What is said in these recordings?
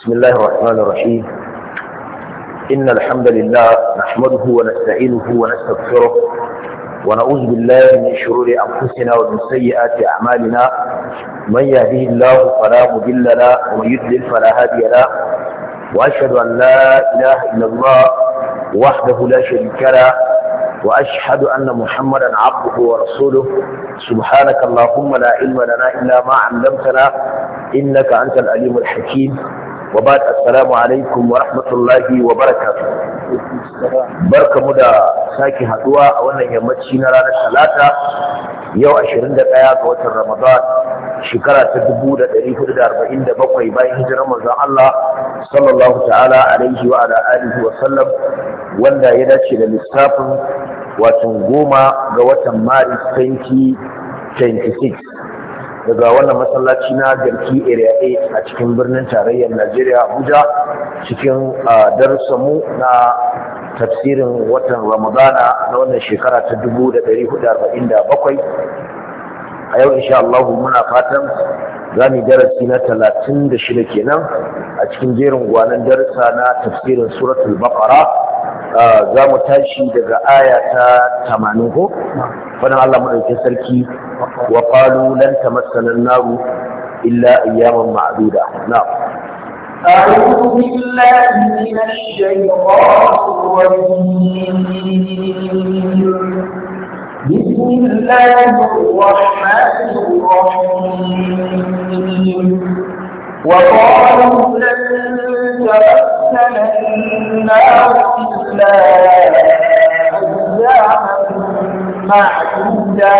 بسم الله الرحمن الرحيم إن الحمد لله نحمده ونستعينه ونستغفره ونعوذ بالله من شرور أنفسنا ومن سيئات أعمالنا من يهده الله فلا مضل له ومن يضلل فلا هادي له وأشهد أن لا إله إلا الله وحده لا شريك له وأشهد أن محمدا عبده ورسوله سبحانك اللهم لا علم لنا إلا ما علمتنا إنك أنت العليم الحكيم wa ba assalamu alaikum wa rahmatullahi wa barakatu barka mu da sake haɗuwa a wannan yammaci na ranar talata yau 21 ga watan ramadan shekara ta 1447 bayan hijirar manzon Allah sallallahu ta'ala alaihi wa ala alihi wa sallam wanda ya dace da lissafin watan goma ga watan maris 2026 daga wannan masallaci na garki area A, a cikin birnin tarayyar najeriya abuja cikin darussamu na tafsirin watan ramadana na wannan shekara ta 1447 a yau insha Allah muna fatan za mu darasi na talatin da shida kenan a cikin jerin gwanan darasa na tafsirin suratul baqara ah, za mu tashi daga aya ta tamanin ko fadin Allah madaukakin sarki wa qalu lan tamassana naru illa ayyaman ma'duda na'am أعوذ بالله من الشيطان الرجيم بسم الله الرحمن الرحيم وقالوا لن تمسنا النار إلا أياما معدودة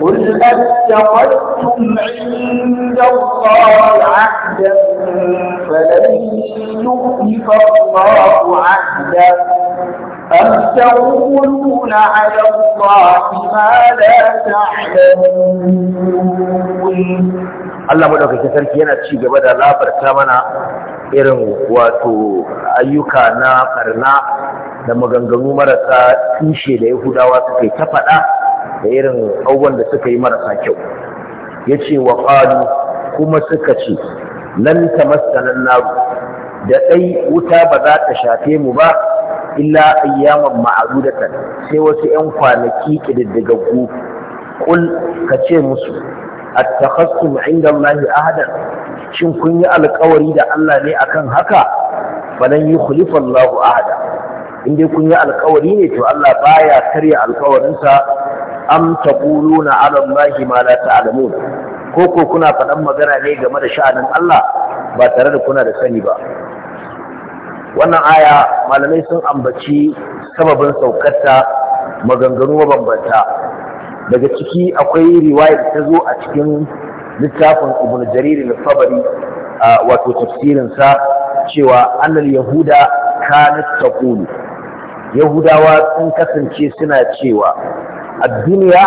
قل أتخذتم عند الله عهدا فلن يخلف الله عهدا أم تقولون على الله ما لا تعلمون Allah madaukakin sarki yana ci gaba da labarta mana irin wato ayyuka na karna da maganganu marasa tushe da yahudawa suka yi ta faɗa da irin abubuwan da suka yi marasa kyau ya ce wa kuma suka ce nan ta masanan da ɗai wuta ba za ta shafe mu ba illa ayyaman ma'arudatan sai wasu 'yan kwanaki ƙididdigaggu kul ka ce musu A takhassum 'inda Allah shin kun yi alƙawari da Allah ne akan haka falan yukhlifu Allah ahada in dai kun yi alƙawari ne to Allah baya karya alƙawarinsa am taquluna 'ala Allah ma la ta'lamun ko ko kuna faɗan magana ne game da sha'anin Allah ba tare da kuna da sani ba wannan aya malamai sun ambaci sababin saukarta maganganu mabambanta daga ciki akwai riwaya ta zo a cikin littafin ibn jarir al-sabari wato tafsirin sa cewa annal yahuda kanat taqulu yahudawa sun kasance suna cewa ad-dunya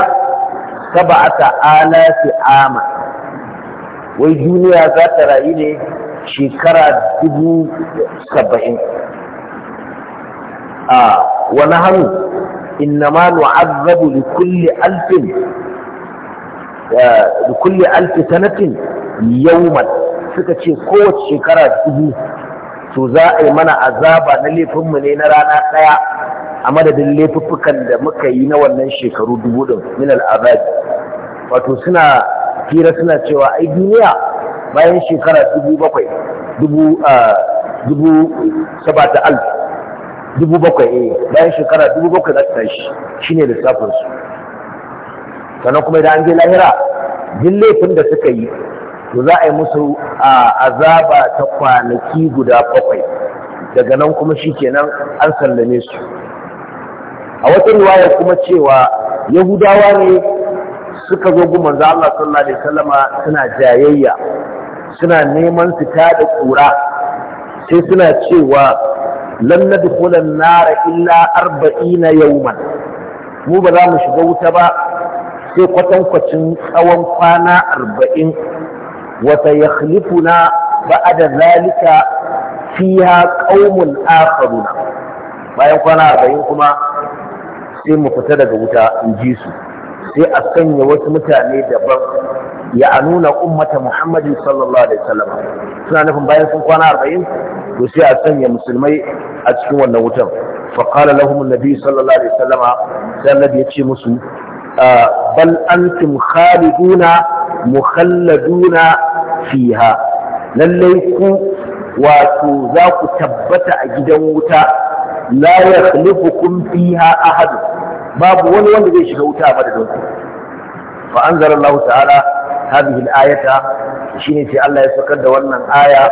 sab'ata alafi ama wai duniya za ta rayu ne shekara dubu saba'in a wani hannu innama nu'azzabu li kulli alfin li kulli alfi sanatin yawman suka ce kowace shekara dubu to za a yi mana azaba na laifinmu ne na rana ɗaya a madadin laifuffukan da muka yi na wannan shekaru dubu ɗin min al'azabi wato suna hira suna cewa ai duniya bayan shekara dubu bakwai dubu dubu sabata alf dubu bakwai eh bayan shekara dubu bakwai za su tashi shine lissafin su sannan kuma idan an je lahira duk laifin da suka yi to za a yi musu a azaba ta kwanaki guda bakwai daga nan kuma shi kenan an sallame su a wata riwaya kuma cewa yahudawa ne suka zo gun za Allah sallallahu alaihi wasallama suna jayayya suna neman su da kura sai suna cewa lan nadkhulan nara illa arba'ina yawman mu ba za mu shiga wuta ba sai kwatankwacin tsawon kwana arba'in wata ya khalifuna da zalika fiha ƙaumun akharuna bayan kwana arba'in kuma sai mu fita daga wuta in ji su sai a sanya wasu mutane daban ya anuna ummata muhammadin sallallahu alaihi wasallam suna nufin bayan sun kwana arba'in to sai a sanya musulmai a cikin wannan wutan fa qala lahum annabi sallallahu alaihi wasallam sai annabi ya ce musu bal antum khaliduna mukhalladuna fiha lallai ku wato za ku tabbata a gidan wuta la yakhlifukum fiha ahad babu wani wanda zai shiga wuta a madadin ku fa anzala Allah ta'ala hadhihi al-ayata shine sai Allah ya saukar da wannan aya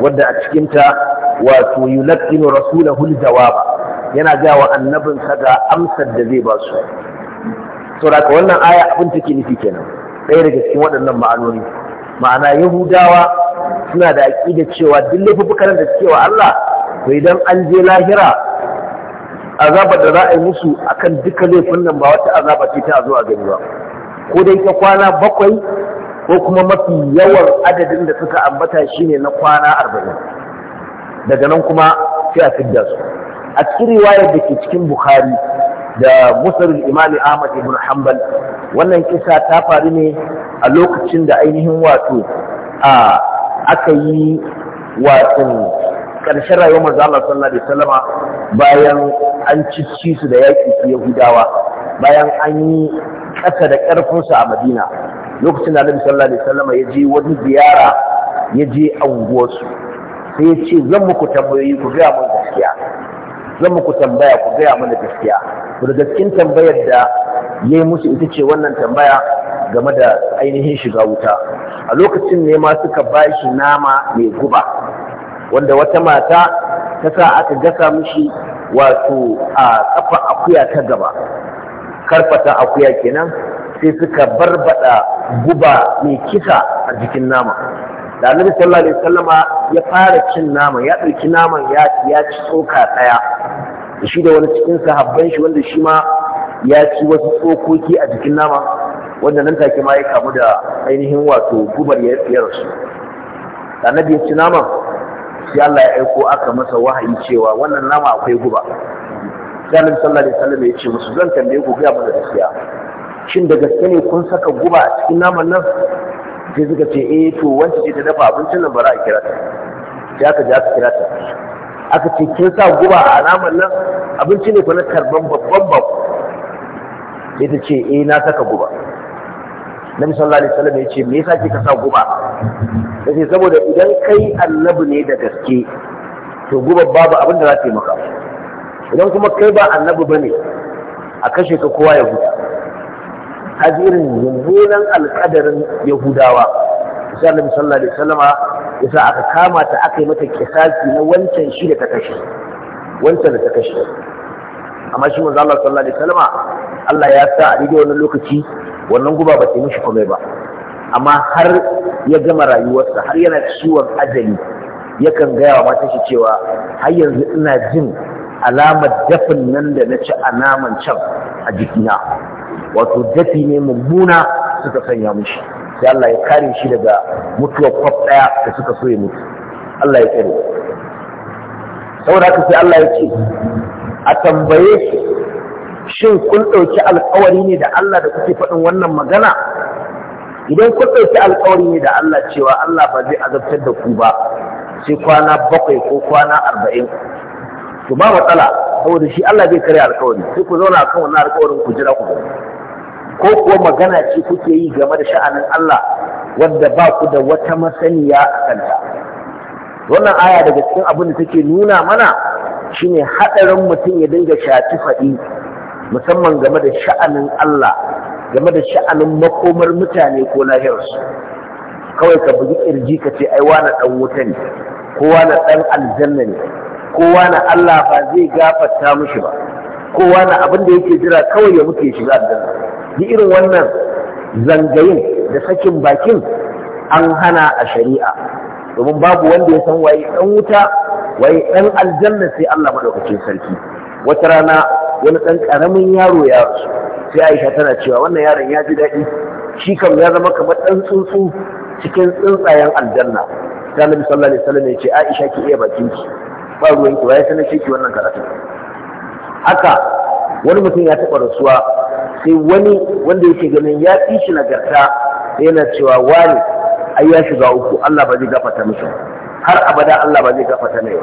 wadda a cikin ta wato yulqinu rasulahu al-jawaba yana ga wa annabin sa amsar da zai ba su saboda wannan aya abin take nufi kenan ɗaya daga cikin waɗannan ma'anoni ma'ana yahudawa suna da aƙida cewa duk laifukan da suke wa Allah to idan an je lahira azabar da za a yi musu akan duka laifin nan ba wata azaba ce ta zo a gani ba ko dai ta kwana bakwai ko kuma mafi yawan adadin da suka ambata shine na kwana arba'in daga nan kuma sai a fidda su a cikin riwayar da ke cikin bukhari da musulun imami ahmad ibn hanbal wannan kisa ta faru ne a lokacin da ainihin wato a aka yi wato ƙarshen rayuwar manzo sallallahu alaihi bayan an cici su da yaƙi su Yahudawa bayan an yi ƙasa da ƙarfinsu a Madina lokacin da annabi sallallahu alaihi wasallam ya je wani ziyara ya je anguwarsu sai ya ce zan muku tambayoyi ku gaya mun gaskiya zan muku tambaya ku gaya mana gaskiya ku da gaskin tambayar da ya yi musu ita ce wannan tambaya game da ainihin shiga wuta a lokacin ne ma suka ba shi nama mai guba wanda wata mata ta sa aka gasa mishi wato a kafa akuya ta gaba karfata akuya kenan sai suka barbada guba mai kisa a jikin nama da annabi sallallahu alaihi wasallam ya fara cin nama ya ɗauki naman ya ya ci tsoka ɗaya da shi da wani cikin sahabban shi wanda shi ma ya ci wasu tsokoki a jikin nama wanda nan take ma ya kamu da ainihin wato gubar ya ya rasu da annabi ya ci naman sai Allah ya aiko aka masa wahayi cewa wannan nama akwai guba sai annabi sallallahu alaihi wasallam ya ce musu zan tambaye ku ga mu da gaskiya shin da gaske ne kun saka guba a cikin naman nan sai suka ce eh to wanda ce ta dafa abincin nan ba za a kira ta sai aka ja ka kira ta aka ce kin sa guba a naman nan abinci ne fa karban babban bako sai ta ce eh na saka guba Na sallallahu alaihi wasallam ya ce me yasa kika sa guba ce saboda idan kai annabi ne da gaske to guba babu abin da za ta yi maka idan kuma kai ba annabi bane a kashe ka kowa ya huta hadirin mummunan alkadarin yahudawa misali annabi da alaihi ya sa aka kama ta aka yi mata kisasi na wancan shi da ta kashe wancan da ta kashe amma shi manzo Allah sallallahu alaihi Allah ya sa a daidai wannan lokaci wannan guba ba ta mishi komai ba amma har ya gama rayuwarsa har yana ciwon ajali yakan gaya wa mata shi cewa har yanzu ina jin alamar dafin nan da na ci a naman can a jikina wato dafi ne mummuna suka sanya mushi sai Allah ya kare shi daga mutuwar kwaf daya da suka so ya mutu Allah ya kare saboda haka sai Allah ya ce a tambaye shi shin kun dauki alkawari ne da Allah da kuke faɗin wannan magana idan kun ɗauki alkawari ne da Allah cewa Allah ba zai azabtar da ku ba sai kwana bakwai ko kwana arba'in to ba matsala saboda shi Allah zai karya alkawari sai ku zauna kan wannan alkawarin ku jira ku gani ko kuwa magana ce kuke yi game da sha'anin Allah wanda ba ku da wata masaniya a kanta wannan aya daga cikin abin da take nuna mana shine hadarin mutum ya dinga shafi faɗi musamman game da sha'anin Allah game da sha'anin makomar mutane ko lahiyarsu. kawai ka bugi kirji ka ce ai wani dan wuta ne ko wani dan aljanna ne kowa na Allah ba zai gafarta mushi ba kowa na abin da yake jira kawai ya muke ya shiga aljanna ni irin wannan zangayin da sakin bakin an hana a shari'a domin babu wanda ya san waye dan wuta waye dan aljanna sai Allah madaukakin sarki wata rana wani dan karamin yaro ya rasu sai Aisha tana cewa wannan yaron ya ji daɗi shi kam ya zama kamar dan tsuntsu cikin tsuntsayen aljanna sai sallallahu alaihi wasallam ya ce Aisha ki iya bakin ki ba ruwan ki waye sanar ki wannan karatu haka wani mutum ya taɓa rasuwa sai wani wanda yake ganin ya fi shi nagarta yana cewa wani ai ya shiga uku Allah ba zai gafarta mishi har abada Allah ba zai gafarta mai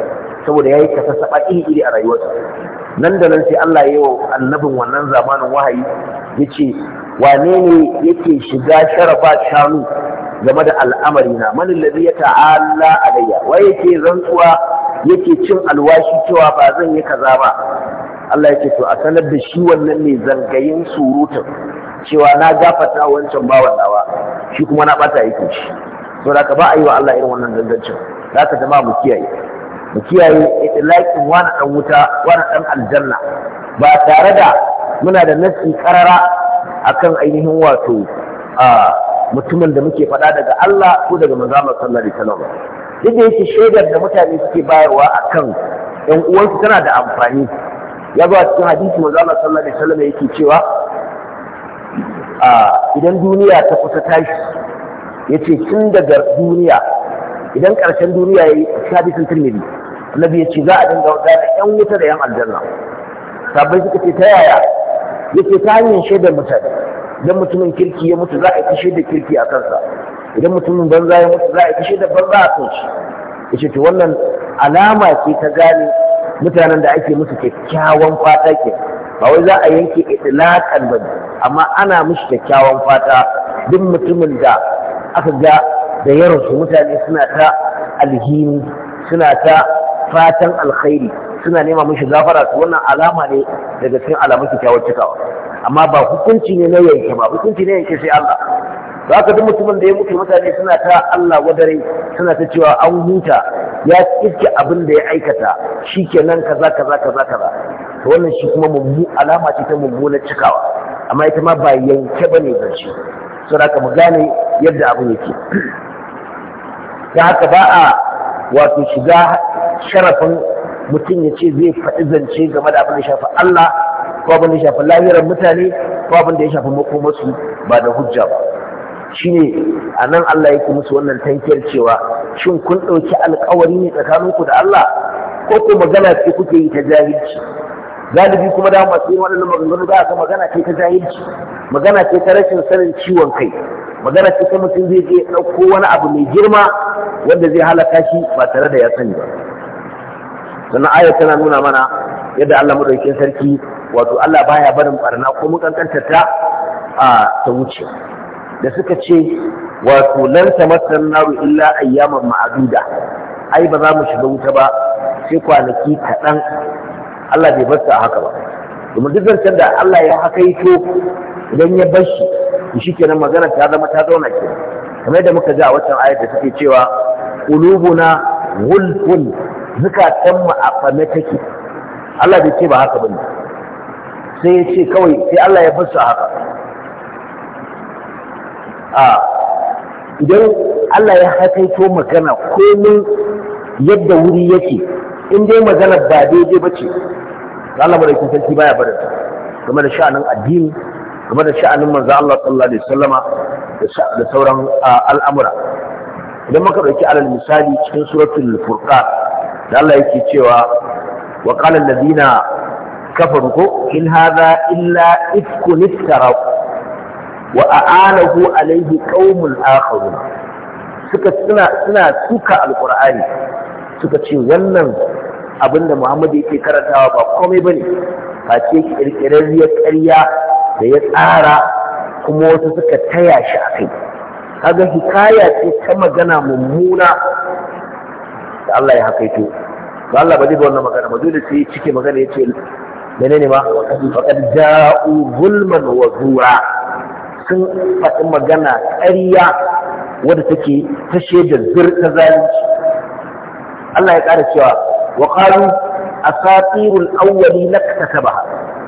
saboda yayi kasa saba iri iri a rayuwarsa nan da nan sai Allah ya yi wa annabin wannan zamanin wahayi yace wane ne yake shiga sharafa shanu game da al'amari na man alladhi yata'alla alayya ke yake rantsuwa yake cin alwashi cewa ba zan yi kaza ba Allah yake to a sanar da shi wannan mai zangayin surutun cewa na gafata wancan bawan nawa shi kuma na bata yake shi da ka ba a yi wa Allah irin wannan zangancin za ka zama mu kiyaye mu kiyaye itlaqin wani dan wuta wani dan aljanna ba tare da muna da nasi karara akan ainihin wato a mutumin da muke faɗa daga Allah ko daga manzo Allah sallallahu alaihi wasallam duk da yake shaidar da mutane suke bayarwa kan ɗan uwansu tana da amfani ya zuwa cikin hadisi manzo zama sallar da wasallam yake cewa idan duniya ta kusa tashi ya ce tun daga duniya idan ƙarshen duniya ya yi a cikin hadisin na annabi ce za a dinga wata da wuta da 'yan aljanna sabbin suka ce ta yaya ya ce ta hanyar shaidar mutane don mutumin kirki ya mutu za a yi ta shaidar kirki a kansa idan mutumin banza ya mutu za a kashe da banza a kan shi ce to wannan alama ce ta gane mutanen da ake musu kyakkyawan fata ke ba wai za a yanke itlaqan ba amma ana musu kyakkyawan fata duk mutumin da aka ga da ya mutane suna ta alhini suna ta fatan alkhairi suna nema mishi gafara to wannan alama ne daga cikin alamun kyakkyawar cikawa amma ba hukunci ne na yanke ba hukunci ne yanke sai Allah to aka duk mutumin da ya mutu mutane suna ta Allah wadare suna ta cewa an huta ya iske abin da ya aikata shikenan kaza kaza kaza kaza to wannan shi kuma mummu alama ce ta mummunar cikawa amma ita ma ba yanke bane barci da haka mu gane yadda abin yake ta haka ba a wato shiga sharafin mutum ya ce zai faɗi zance game da abin da shafi Allah ko abin da shafi lahirar mutane ko abin da ya shafi makomarsu ba da hujja ba Shi ne a nan Allah ya ku musu wannan tankiyar cewa shin kun ɗauki alkawari ne tsakaninku da Allah ko ko magana ce kuke yi ta jahilci galibi kuma da masu yin waɗannan maganganu da aka magana ce ta jahilci magana ce ta rashin sanin ciwon kai magana ce ta mutum zai je ɗauko wani abu mai girma wanda zai halaka shi ba tare da ya sani ba sannan ayat tana nuna mana yadda Allah madaukakin sarki wato Allah baya barin barna ko mukankantar ta a ta wuce da suka ce wato lan tamassan naru illa ayyaman ma'aduda ai ba za mu shiga wuta ba sai kwanaki kaɗan Allah bai bar a haka ba domin duk zancen da Allah ya haka to idan ya bar shi shi kenan magana ta zama ta zauna ke kamar yadda muka ji a waccan ayar da suke cewa qulubuna gulfun zukatan mu a fame take Allah bai ce ba haka bane sai ya ce kawai sai Allah ya bar su a haka idan Allah ya haifaito magana komin yadda wuri yake in dai magana ba daidai ba ce Allah madaukin sarki baya barin game da sha'anin addini game da sha'anin manzo Allah sallallahu alaihi wasallama da sauran al'amura idan muka dauki alal misali cikin suratul furqan da Allah yake cewa wa qala alladhina kafaru ko in hadha illa ifkun iftaraw wa a'anahu alaihi qaumul akharun suka suna suna tuka alqur'ani suka ce wannan abinda Muhammadu yake karantawa ba komai bane face ya ƙarya da ya tsara kuma wasu suka taya shi kai. kaga hikaya ce ta magana mummuna da Allah ya hakaito to Allah ba zai ga wannan magana ba dole sai cike magana yace menene ma faqad ja'u zulman wa zura sun faɗi magana ƙarya wadda take ta da zur ta zalunci Allah ya ƙara cewa wa a asatirul awwali naktataba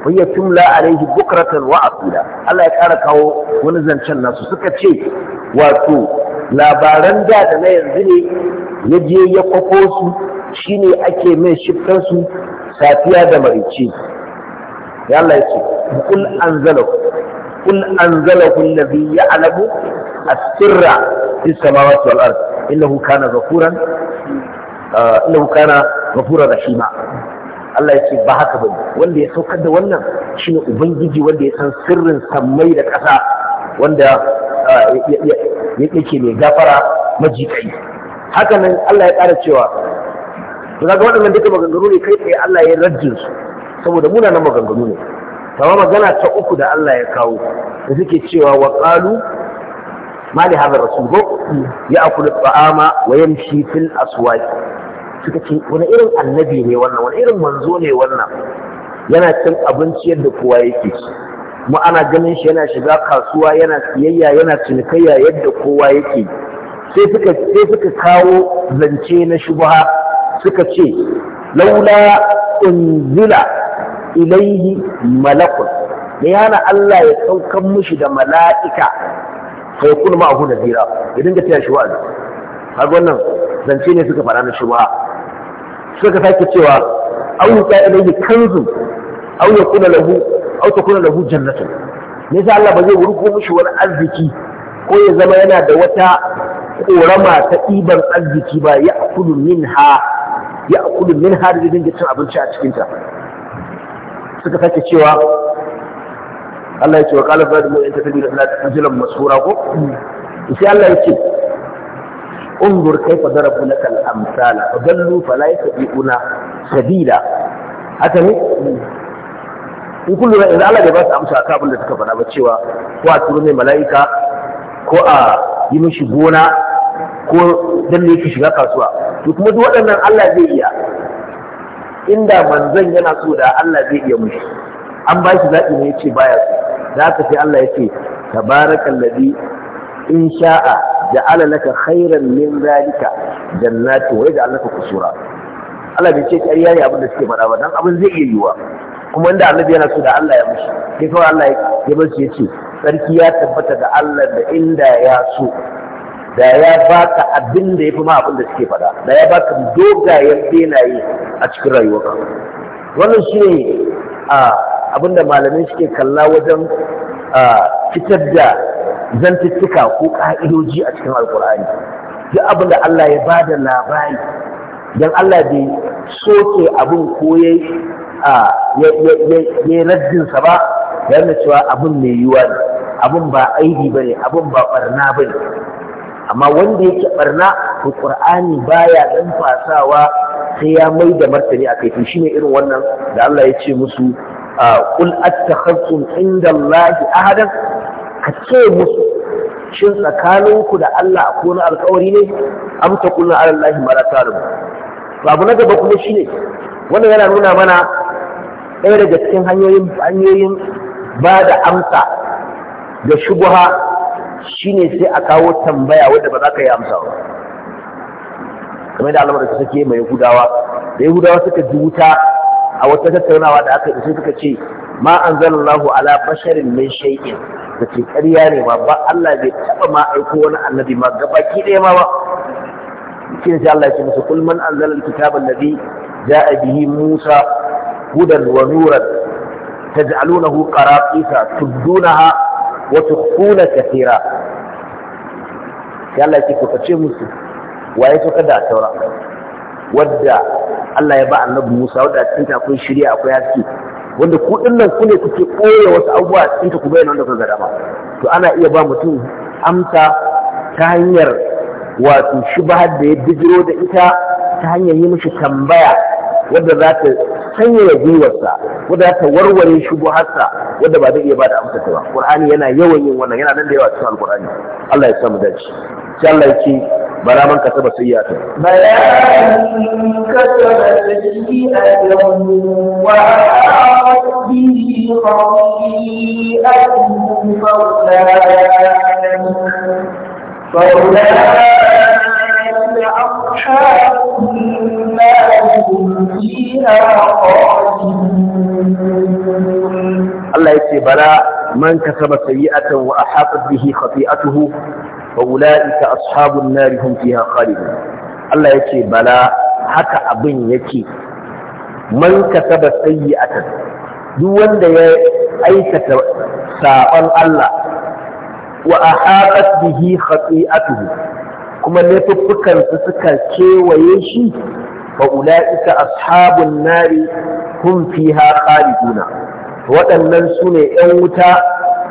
wa hiya tumla alayhi bukratan wa asila Allah ya ƙara kawo wani zancen nasu suka ce wato labaran da da na yanzu ne ya je ya kwafo su shine ake mai shiftar safiya da marice ya Allah ya ce kul قل أنزله الذي يعلم السر في السماوات والأرض إنه كان غفورا آه إنه كان غفورا رحيما Allah ya ce ba haka bane wanda ya saukar da wannan shine ubangiji wanda ya san sirrin sammai da ƙasa wanda ya yake mai gafara majikai haka nan Allah ya ƙara cewa to kaga waɗannan duka maganganu ne kai tsaye Allah ya rajin su saboda muna nan maganganu ne kama magana ta uku da Allah ya kawo da suke cewa wa ƙalu ma li hadha rasul ya akulu ta'ama wa yamshi shifin asuwaki. suka ce wani irin annabi ne wannan wani irin manzo ne wannan yana cin abinci yadda kowa yake ci mu ana ganin shi yana shiga kasuwa yana siyayya yana cinikayya yadda kowa yake sai suka kawo zance na shubha suka ce laula unzila ilaihi malakun da yana Allah ya saukan mushi da mala'ika fa a ma'ahu zira ya dinga taya shi wa'azi har wannan zance ne suka fara na wa suka sake cewa yi yuta ilaihi kanzu kuna yakuna lahu ta kuna lahu jannatun me yasa Allah ba zai ko mushi wani arziki ko ya zama yana da wata korama ta ɗiban arziki ba ya kudu min ha ya kudu min ha da dinga cin abinci a cikinta suka sake cewa Allah ya ce wa da qala fadu in tatabiru ila tajilan masura ko sai Allah ya ce انظر كيف ضربوا لك الامثال فضلوا فلا يستطيعون Sabila. haka ne in kullu da idan Allah bai ba su amsa kan abin da suka faɗa ba cewa ko a turo mai mala'ika ko a yi mishi gona ko dan ne yake shiga kasuwa to kuma duk waɗannan Allah zai iya inda manzon yana so da Allah zai iya mushi an ba shi zaɓi ne yace baya so da haka sai Allah yace tabarakallazi in sha'a ja'ala laka khairan min zalika jannatu wa yaj'al laka qusura Allah bai ce ƙarya ne abin da suke faɗa ba dan abin zai iya yiwa kuma inda annabi yana so da Allah ya mushi sai kawai Allah ya bar shi yace sarki ya tabbata da Allah da inda ya so da ya baka abin da ya fi ma abin da suke fada da ya baka dogayen benaye a cikin rayuwarka wannan shi ne abin da malamai suke kalla wajen fitar da zantuttuka ko ƙa'idoji a cikin alkur'ani duk abin da Allah ya ba da labari don Allah bai soke abin ko ya yi raddinsa ba da cewa abin mai yiwuwa ne abin ba aiki ba ne abin ba barna ba ne amma wanda yake barna to qur'ani baya dan fasawa sai ya mai da martani akai to shine irin wannan da Allah ya ce musu qul attakhadtum indallahi ahadan ka ce musu shin tsakaninku da Allah ko na alkawari ne am taqulna ala allahi ma la ta'lamu to abu na gaba kuma shine wannan yana nuna mana ɗaya daga cikin hanyoyin hanyoyin ba da amsa da shubuha shine sai a kawo tambaya wadda ba za ka yi amsa ba kamar da alamar su take mai yahudawa da yahudawa suka ji wuta a wata tattaunawa da aka yi sai suka ce ma anzalallahu ala basharin min shay'in da ce ƙarya ne ma ba Allah bai taɓa ma aiko wani annabi ma gabaki ɗaya ma ba shi sai Allah ya ce musu kul man anzala alkitaba alladhi ja'a bihi Musa hudan wa nuran taj'alunahu qaratisa tubdunaha wa tukhuna kathira sai Allah ce ku kace musu waye so kada a taura wadda Allah ya ba annabi Musa wadda cikin ta shirya akwai haske wanda ku dinnan ku ne kuke koya wasu abubuwa cikin ta ku bayyana wanda kuka gada ba to ana iya ba mutum amsa ta hanyar wato har da ya bijiro da ita ta hanyar yi musu tambaya wadda za ta sanyaya gwiwarsa wadda ta warware shubuharsa wadda ba zai iya ba da amsa ta ba qur'ani yana yawan yin wannan yana nan da yawa cikin alqur'ani Allah ya samu dace sai Allah ya ce bara man kasaba sayyata bara man kasaba sayyata wa bihi qawiyatan faulana faulana أصحاب Allah ya ce bala man kasaba sayyi'atan wa ahatat bihi khati'atuhu fa ulaika ashabun nar hum fiha khalidun Allah ya ce bala haka abin yake man kasaba sayyi'atan duk wanda ya aikata saban Allah wa ahatat bihi khati'atuhu kuma su suka kewaye shi fa isa ashabun nari hum fiha waɗannan su ne ‘yan wuta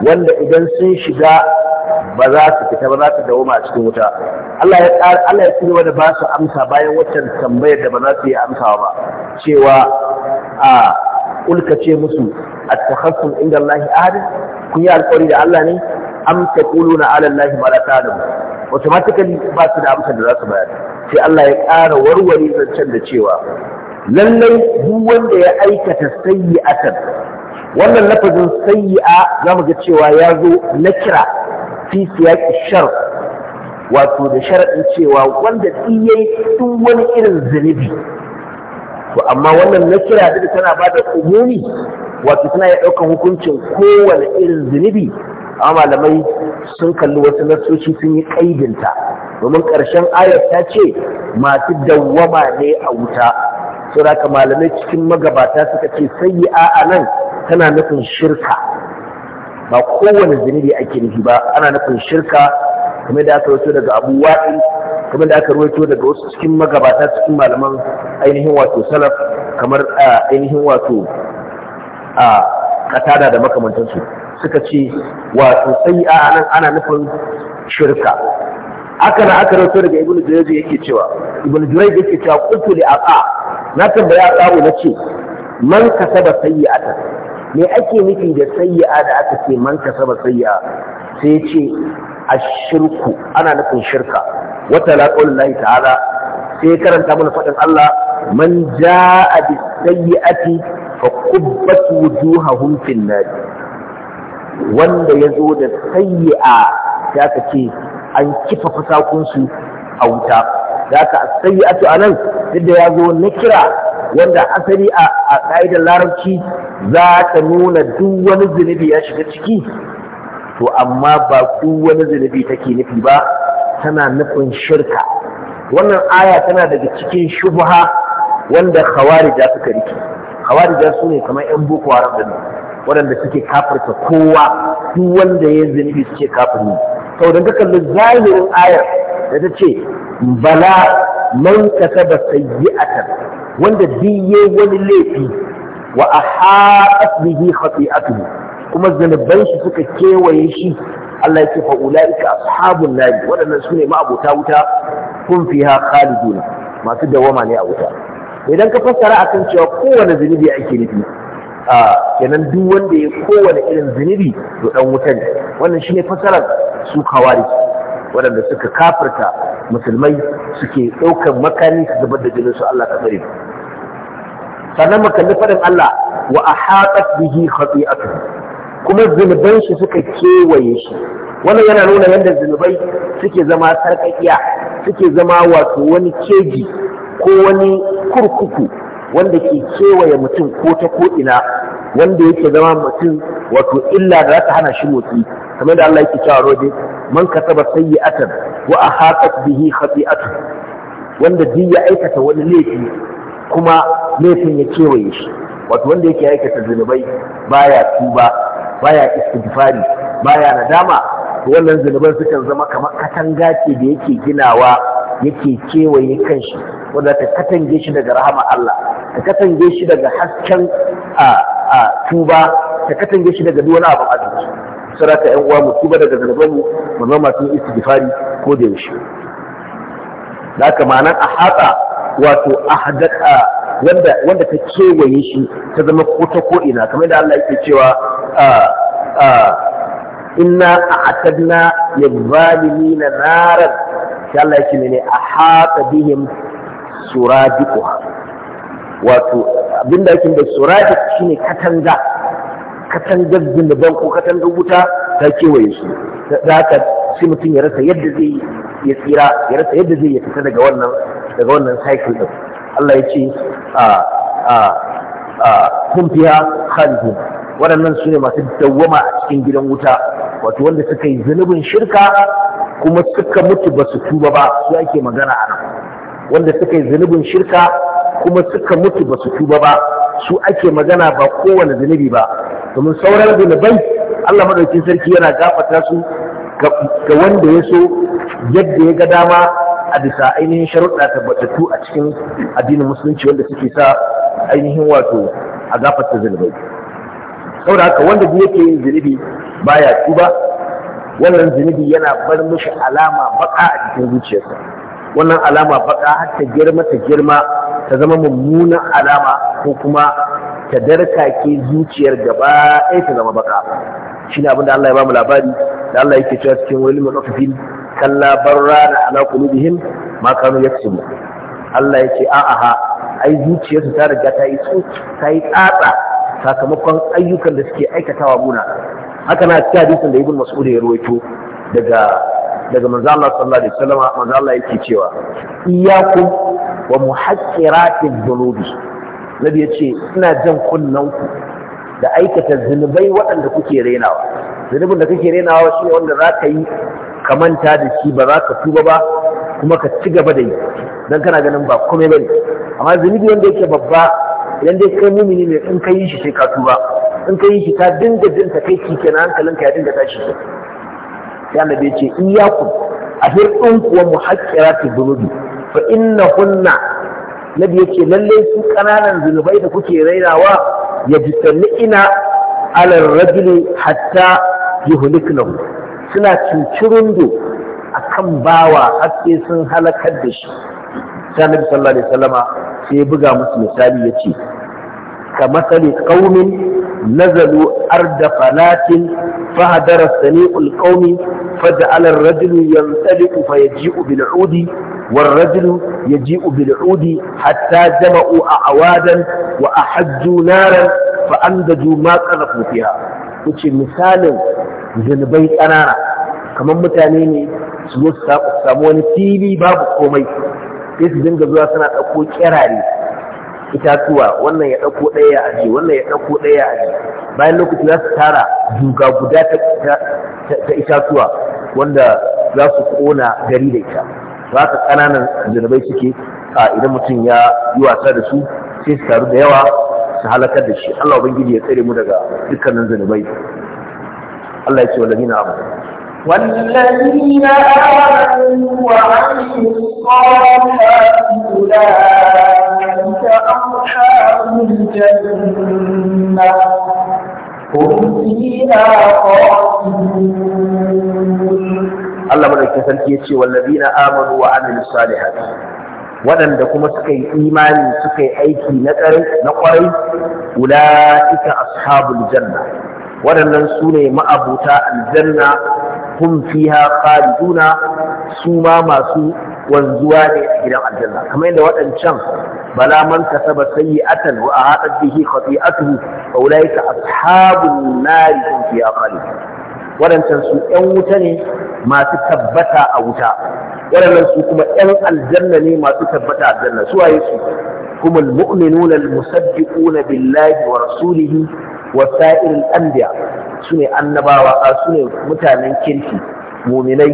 wanda idan sun shiga ba za su fita ba za su a cikin wuta Allah ya ƙara Allah ya cigaba da ba su amsa bayan waccan tambayar da ba za su yi amsawa ba cewa a ulka ce musu a takhassum inda Allah ahad kun yi alƙawari da Allah ne am taquluna ala Allah ma la ta'lamu automatically ba su da amsar da za su bayar sai Allah ya ƙara warware zancen da cewa lallai duk wanda ya aikata sa'yi sayyi'atan wannan lafazin za zamu ga cewa ya zo na kira fi ƙi shar wato da sharadin cewa wanda tsiye duk wani irin zunubi to amma wannan na kira da tana bada umumi wato tana ya ɗaukan hukuncin kowane irin zunubi amma malamai sun kalli wasu nasoci sun yi ƙa'idinta. domin ƙarshen ayar ta ce masu dawwama ne a wuta saboda malamai cikin magabata suka ce yi a nan tana nufin shirka ba kowane zunubi ake nufi ba ana nufin shirka kamar da aka rawaito daga abu waɗi kuma da aka rawaito daga wasu cikin magabata cikin malaman ainihin wato salaf kamar ainihin wato a katada da makamantansu suka ce wato sai a nan ana nufin shirka haka na aka rawaito daga ibnu jurayj yake cewa ibnu jurayj yake cewa qultu li aqa na tambaya qabu na ce man kasaba sayyi'ata me ake nufi da sayyi'a da aka ce man kasaba sayyi'a sai ce ashirku ana nufin shirka wata laqul lahi ta'ala sai karanta mana fadin Allah man jaa bi sayyi'ati fa qubbat wujuhahum fin nar wanda yazo da sayyi'a sai aka ce an kifa fasakunsu a wuta da aka atu a nan yadda ya zo na kira wanda asali a ƙa'idar larabci za ta nuna duk wani zunubi ya shiga ciki to amma ba duk wani zunubi take nufi ba tana nufin shirka wannan aya tana daga cikin shubha wanda khawarija suka rike khawarija su ne kamar yan boko haram da waɗanda suke kafirta kowa duk wanda ya zunubi suke kafiri saboda ka kalli zahirin ayar da ta ce bala man kasaba sayyi'atan wanda biye wani laifi wa ahaat bihi khati'atuhu kuma zanuban shi suka kewaye shi Allah yake fa ulaika ashabun nar Waɗannan sune ma abota wuta kun fiha khaliduna masu dawama ne a wuta idan ka fassara akan cewa kowane zunubi ake nufi a kenan duk wanda ya kowane irin zunubi to dan wuta ne wannan shine fasarar su kawari waɗanda suka kafirta musulmai suke ɗaukar makani su zubar da jinin su Allah kamar tsare sannan makalli faɗin Allah wa ahatat bihi khati'atuhu kuma zunuban shi suka kewaye shi wannan yana nuna yadda zunubai suke zama sarƙaƙiya suke zama wato wani keji ko wani kurkuku wanda ke kewaye mutum ko ta ko'ina wanda yake zama mutum wato illa da za hana shi motsi kamar da Allah yake cewa rode man kasaba sayyi'atan wa ahatat bihi khati'atu wanda duk ya aikata wani laifi kuma laifin ya kewaye shi wato wanda yake aikata zunubai baya tuba baya istighfari baya nadama wannan zunuban sukan zama kamar katanga ce da yake ginawa yake kewaye kanshi wanda ta katange shi daga rahama Allah ta katange shi daga hasken a tuba ta katange shi daga duk wani abu a azuci saraka yan uwa mu tuba daga zanabanmu mu zama masu istighfari ko da yaushe da haka ma'anar a haɗa, wato a hadaka wanda ta kewaye shi ta zama ko ta ko ina kamar da Allah yake cewa inna a'tadna lil zalimin naran sai Allah ya ce mene a haɗa bihim suradiquha wato abinda yake da suradiq shine katanga katangar zunuban ko katangar wuta ta kewaye su da haka shi mutum ya rasa yadda zai ya tsira ya rasa yadda zai ya fita daga wannan daga wannan cycle din Allah ya ce a a a kun fiya waɗannan su ne masu dawwama a cikin gidan wuta wato wanda suka yi zunubin shirka kuma suka mutu ba su tuba ba su ake magana a wanda suka yi zunubin shirka kuma suka mutu ba su tuba ba su ake magana ba kowane zunubi ba domin sauran zunubai Allah madaukin sarki yana gafata su ga wanda ya so yadda ya ga dama a bisa ainihin sharuɗa tabbatattu a cikin addinin musulunci wanda suke sa ainihin wato a gafata zunubai saboda haka wanda yake yin zunubi baya tuba wannan zunubi yana bar mishi alama baka a cikin zuciyarsa wannan alama baka har ta girma ta girma ta zama mummunan alama ko kuma ta darkake zuciyar gaba ɗaya ta zama baka shine abin da Allah ya bamu labari da Allah yake cewa cikin wani mutaffifin kalla barrana ala qulubihim ma kanu yaksubu Allah ce a'a ha ai zuciyarsu ta riga ta yi tsotsi ta yi tsatsa sakamakon ayyukan da suke aikatawa muna haka na cikin hadisin da ibn mas'ud ya rawaito daga daga manzo Allah sallallahu alaihi wasallam manzo Allah yake cewa iyyakum wa muhaqqiratiz dhunubi nabi yace ina jan kunnan ku da aikata zunubai waɗanda kuke renawa zunubin da kake renawa shi wanda za ka yi ka manta da shi ba za ka tuba ba kuma ka ci gaba da yi don kana ganin ba komai bane amma zunubi wanda yake babba idan dai kai mumini ne in kai shi sai ka tuba in kai shi ka dinga jin ta kai ki na hankalin ka ya dinga tashi ya nabi ce iyyakum ahir din kuwa muhaqqiratu dhunubi fa innahunna nabi yace lalle su ƙananan zunubai da kuke rainawa ya jitanni ina ala rajuli hatta yuhliknahu suna a kan bawa haske sun halakar da shi sai sallallahu alaihi sai ya buga musu misali ya ce ka masali qaumin nazalu arda falatin fahadara sani'ul qaumi faj'ala ar-rajulu ya ji bil 'udi والرجل يجيء wa حتى جمعوا أعوادا وأحجوا نارا فأنجدوا ma قذفوا kofiya. kuce misalin zunubai ƙanana kamar mutane ne su zo su samu wani fili babu komai sai su dinga zuwa suna ɗauko kirare itatuwa wannan ya ɗauko ɗaya a aji wannan ya ɗauko ɗaya a ji bayan lokaci za su tara duka guda ta itatuwa wanda za su ƙona gari da ita za ka ƙananan zunubai suke a idan mutum ya yi wasa da su sai su taru da yawa su halakar da shi Allah ubangiji ya tsare mu daga dukkanin zunubai Allah ya ce wa lamina amana والذين آمنوا وعملوا الصالحات أولئك أصحاب الجنة هم فيها خالدون الله يقول والذين آمنوا وعملوا الصالحات ولم تكن سكي إيمان سكي أيكي نقري نقري أولئك أصحاب الجنة ولم ننسوني ما أبوتا الجنة hum fiha khaliduna suma masu wanzuwa ne a gidan aljanna kamar yadda waɗancan bala man kasaba sayyi'atan wa ahadat bihi khati'atuhu fa ulaika ashabun nar hum fiha khalidun waɗancan su ƴan wuta ne masu tabbata a wuta waɗannan su kuma ƴan aljanna ne masu tabbata a aljanna su waye su kuma al-mu'minuna al-musaddiquna billahi wa rasulihi wa sa'irul anbiya sune annabawa sune mutanen kirki muminai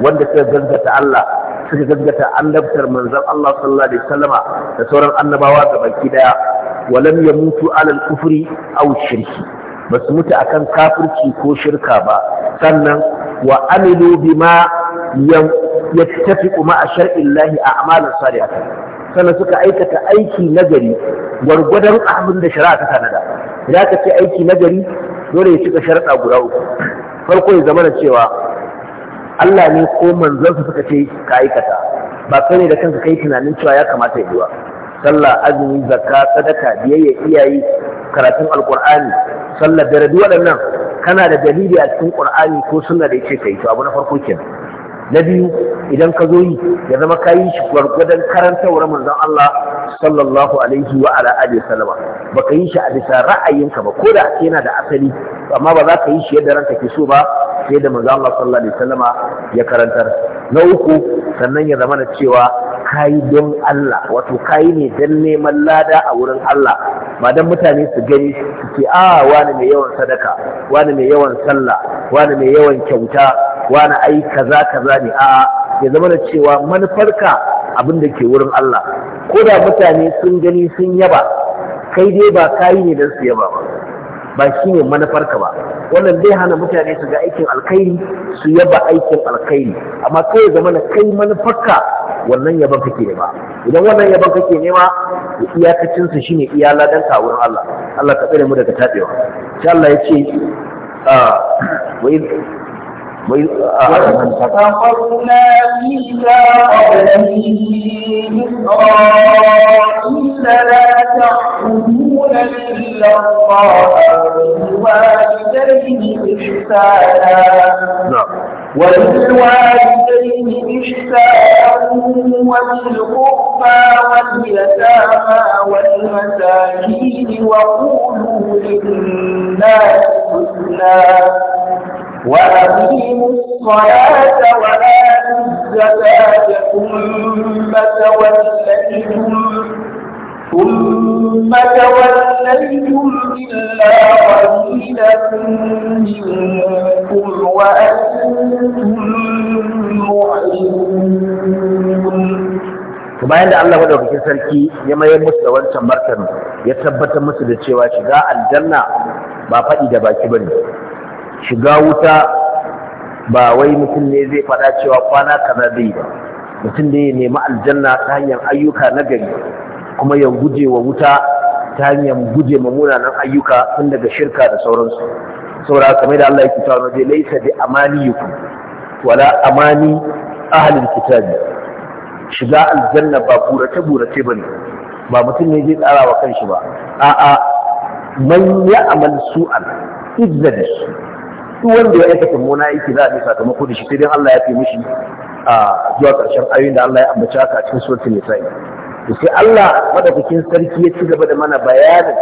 wanda suka gaskata Allah suka gaskata annabtar manzon Allah sallallahu alaihi da sauran annabawa ga baki daya walam yamutu alal kufri aw shirki basu mutu akan kafirci ko shirka ba sannan wa amilu bima yattafiqu ma shar'illahi a'malan salihah sannan suka aikata aiki nagari gwargwadon abin da shari'a ta tanada za ka ce aiki nagari dole ya cika sharaɗa guda uku farko ya zama cewa Allah ne ko manzansa suka ce ka aikata ba kai ne da kanka kai tunanin cewa ya kamata ya yi ba sallah azumi zakka sadaka biyayya iyaye karatun alqur'ani sallah da radu waɗannan kana da dalili a cikin ƙur'ani ko sunna da yake kai to abu na farko kenan na biyu idan ka zo yi ya zama ka yi shi gwargwadon karantawar manzon Allah sallallahu alaihi wa ala alihi sallama ba ka yi shi a bisa ra'ayinka ba ko da yana da asali amma ba za ka yi shi yadda ranka ke so ba fiye da manzo Allah sallallahu alaihi wasallama ya karantar na uku sannan ya zama da cewa kayi don Allah wato kayi ne dan neman lada a wurin Allah ba dan mutane su gani su ce a ah, wani mai yawan sadaka wani mai yawan sallah wani mai yawan kyauta wani ai kaza kaza ne a ya zama da cewa manufarka abin da ke wurin Allah ko da mutane sun gani sun yaba kai dai ba kayi ne dan su yaba ba ba shi ne manufarka ba wannan zai hana mutane su ga aikin alkhairi su yaba aikin alkhairi amma kai ya zama kai manufarka wannan yaban kake ne ba idan wannan yaban kake nema iyakacin sa shine iya ladan ka wurin Allah Allah ka tsare mu daga tabewa insha Allah yace ah, فقرنا ميثاقه إسرائيل لا تعبدون إلا الله وبالوالدين إحسانا نعم. وبالوالدين إحسانا وذي واليتامى والمساكين وقولوا للناس حسنا وأقيموا الصلاة وآتوا الزكاة ثم توليتم ثم توليتم إلا قليلا منكم وأنتم معرضون bayan da Allah madaukakin sarki ya mayar musu da wancan martani ya tabbatar musu da cewa shiga aljanna ba faɗi da baki bane shiga wuta ba wai mutum ne zai faɗa cewa kwana kana zai ba mutum ne ya nemi aljanna ta hanyar ayyuka na gari kuma ya guje wa wuta ta hanyar guje ma munanan ayyuka tun daga shirka da sauransu saboda kamar da Allah yake cewa zai laisa bi amaniyukum wala amani ahlul kitabi shiga aljanna ba burace burace bane ba mutum ne zai tsara wa kanshi ba a'a man ya amal su'al idda da su duk wanda ya aikata mona aiki za a bi sakamako da shi sai dai Allah ya fi mishi a zuwa ƙarshen ayoyin da Allah ya ambaci haka a cikin suratul nisa'i to sai Allah madaukakin sarki ya ci gaba da mana bayanin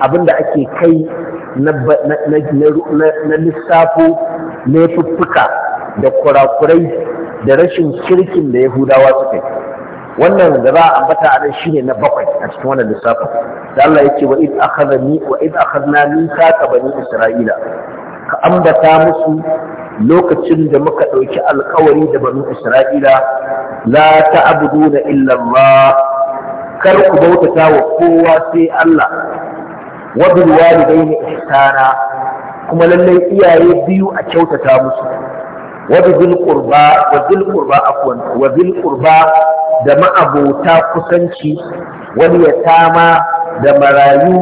abin da ake kai na lissafo na fuffuka, da kurakurai da rashin kirkin da yahudawa suka yi wannan da za a ambata a nan shine na bakwai a cikin wannan lissafin da Allah yake wa id akhadha ni wa id akhadna ka bani isra'ila ka ambata musu lokacin da muka ɗauki alkawari da banu isra'ila la abudu na Allah kar ku bautata wa kowa sai Allah wa bil walidayni ihsana kuma lallai iyaye biyu a kyautata musu wa bil qurba wa bil qurba afwan wa bil qurba da ma'abota kusanci wal yatama da marayu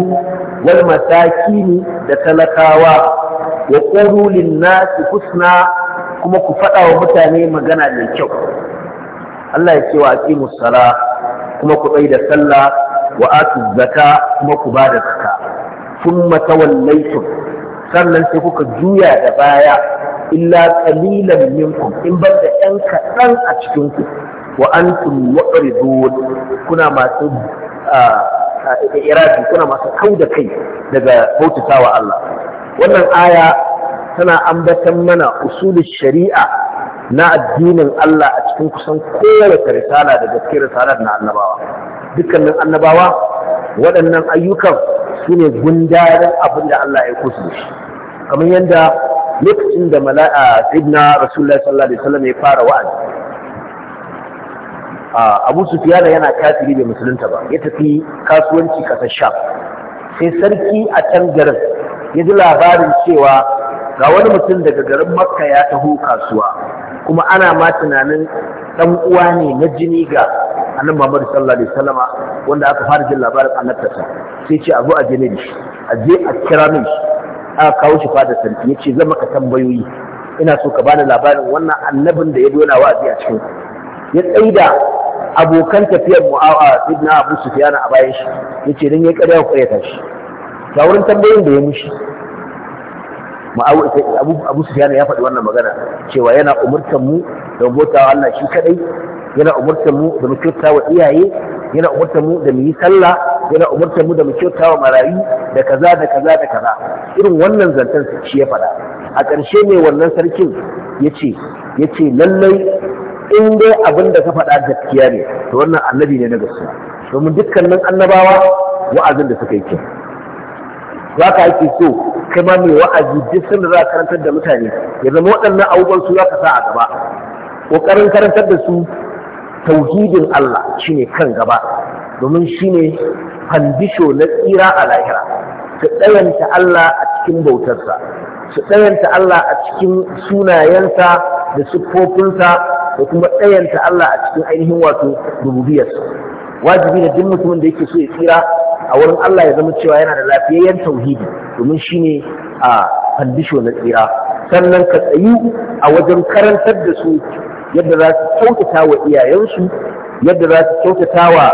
wal masakini da talakawa wa qulu lin su kusna, kuma ku faɗa wa mutane magana mai kyau Allah ya ce wa aqimus sala kuma ku ɗai da sallah wa atuz zaka kuma ku ba da zaka mata wallaitun, sannan sai kuka juya da baya illa qalilan minkum in banda ɗan kaɗan a cikin ku wa antum mu'ridun kuna masu ah, ah, iradi kuna masu kauda kai daga wa Allah wannan aya tana ambatan mana usulin shari'a na addinin Allah a cikin kusan kowace risala da gaske risalar na annabawa dukkanin annabawa waɗannan ayyukan su ne gundarin abin da Allah ya kusa shi kamar yadda lokacin da mala'a ibna rasulullah sallallahu alaihi wasallam ya fara wa'azi abu sufiyana yana kafiri bai musulunta ba ya tafi kasuwanci kasar sham sai sarki a can garin ya ji labarin cewa ga wani mutum daga garin makka ya taho kasuwa kuma ana ma tunanin dan uwa ne na jini ga annabi Muhammad sallallahu alaihi wasallama wanda aka fara jin labarin annabtarsa sai ce a zo a jini shi a je a kira min shi aka kawo shi fada ya yace zan maka tambayoyi ina so ka bani labarin wannan annabin da ya dona wa'azi a cikin ya tsaida abokan tafiyar mu'awa ibn abu sufyan a bayan shi yace dan ya ƙarya ku ya shi ga wurin tambayin da ya mushi abu yana ya faɗi wannan magana cewa yana umurtar mu da bautawa Allah shi kadai yana umurtar mu da mu kyauta wa iyaye yana umurtar mu da mu yi sallah yana umurtar mu da mu kyauta wa marayu da kaza da kaza da kaza irin wannan zantan shi ya faɗa a ƙarshe ne wannan sarkin ya ce, ya ce lallai in dai abin da ka faɗa gaskiya ne to wannan annabi ne na gaskiya domin dukkanin annabawa wa'azin da suka yi kyau. za ka ake so kai ma mai wa'azi duk sanda za karantar da mutane ya zama waɗannan abubuwan su za ka sa a gaba ƙoƙarin karantar da su tauhidin Allah shine kan gaba domin shine fandisho na tsira a lahira su ɗayanta Allah a cikin bautarsa su ɗayanta Allah a cikin sunayensa da siffofinsa da kuma ɗayanta Allah a cikin ainihin wato rububiyarsa wajibi ne duk mutumin da yake so ya tsira a wurin Allah ya zama cewa yana da lafiyayyen tauhidi domin shine a fandisho na tsira sannan ka tsayu a wajen karantar da su yadda za su kyautata wa iyayensu yadda za su kyautata wa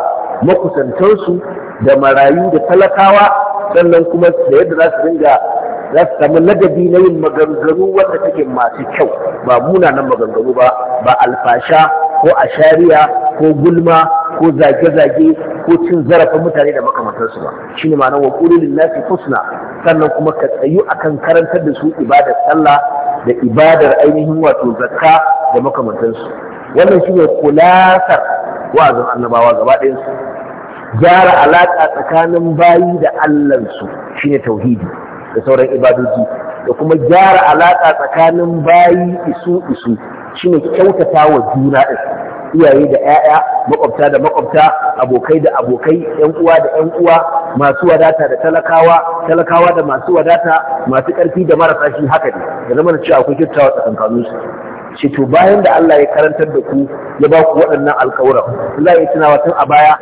makusantansu da marayu da talakawa sannan kuma da yadda za su dinga za su samu ladabi na yin maganganu wanda take masu kyau ba munanan maganganu ba ba alfasha ko ashariya ko gulma ko zage-zage ko cin zarafin mutane da makamantarsu ba shi ne ma'anar waƙuri lillahi fusna sannan kuma ka tsayu a kan karantar da su ibadar sallah da ibadar ainihin wato zakka da makamantarsu wannan shi ne kulasar wa'azin annabawa gaba ɗayansu gyara alaƙa tsakanin bayi da allansu shi ne tauhidi da sauran ibadoji da kuma gyara alaƙa tsakanin bayi isu isu shine kyautata wa juna ɗin iyaye da 'ya'ya makwabta da makwabta abokai da abokai yan uwa da yan uwa masu wadata da talakawa talakawa da masu wadata masu ƙarfi da marasa shi haka ne da zama da cewa akwai kyautawa tsakankanin su shi to bayan da Allah ya karantar da ku ya ba ku waɗannan alƙawuran Allah ya tunawa tun a baya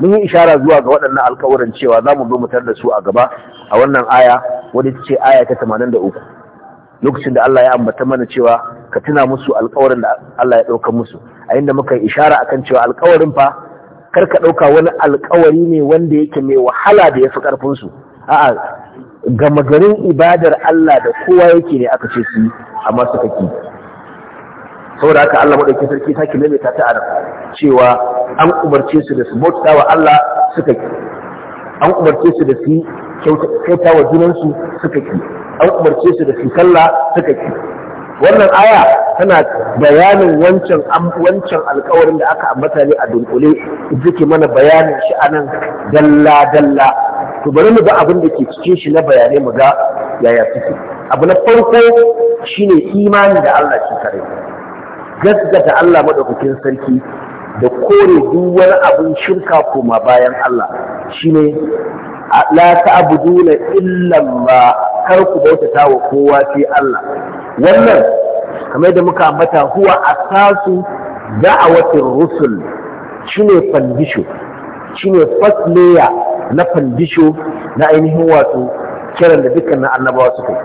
mun yi ishara zuwa ga waɗannan alƙawuran cewa za mu zo mu da su a gaba a wannan aya wadda ce aya ta 83 lokacin da Allah ya ambata mana cewa ka tuna musu alƙawarin da Allah ya ɗauka musu a inda muka yi ishara kan cewa alkawarin fa kar ka ɗauka wani alkawari ne wanda yake mai wahala da ya fi ƙarfinsu a'a gama garin ibadar Allah da kowa yake ne aka ce su amma suka Sau saboda haka Allah maɗauki sarki sake maimaita ta adam cewa an umarce su da su bautawa Allah suka ki an umarce su da su kyauta wa junansu suka ki an umarce su da su sallah suka ki wannan aya tana bayanin wancan wancan alkawarin da aka ambata ne a dunkule zuke mana bayanin shi anan dalla dalla to bari mu ga abin da ke cikin shi na bayanai mu ga yaya suke abu na farko shine imani da Allah shi kare gaskata Allah madaukakin sarki da kore duk wani abin shirka koma bayan Allah shine la ta'buduna illa Allah kar ku bautata wa kowa sai Allah wannan kamar da muka ambata huwa asasu da'awatir rusul shine fandisho shine first layer na fandisho na ainihin wato kiran da dukkanin annabawa suka yi